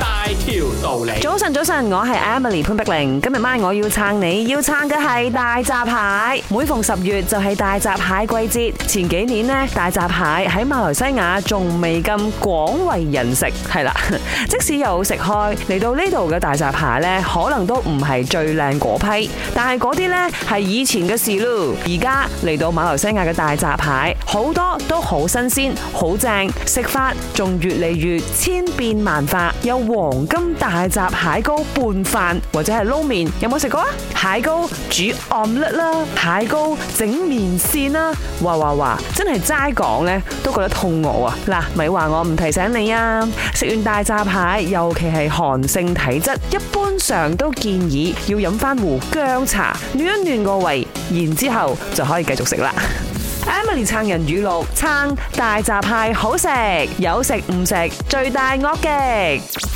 大條道理！早晨，早晨，我係 Emily 潘碧玲。今日晚我要撐你，要撐嘅係大閘蟹。每逢十月就係大閘蟹季節。前幾年呢，大閘蟹喺馬來西亞仲未咁廣為人食，係啦。即使有食開嚟到呢度嘅大閘蟹呢，可能都唔係最靚嗰批。但係嗰啲呢，係以前嘅事咯。而家嚟到馬來西亞嘅大閘蟹，好多都好新鮮，好正，食法仲越嚟越千變萬化，黃金大閘蟹膏拌飯，或者係撈麵，有冇食過啊？蟹膏煮奄列啦，蟹膏整麵線啦，哇哇哇！真係齋講呢，都覺得肚餓啊！嗱，咪話我唔提醒你啊！食完大閘蟹，尤其係寒性體質，一般上都建議要飲翻壺薑茶暖一暖個胃，然之後就可以繼續食啦。Emily 撐人語錄：撐大閘蟹好食，有食唔食最大惡極。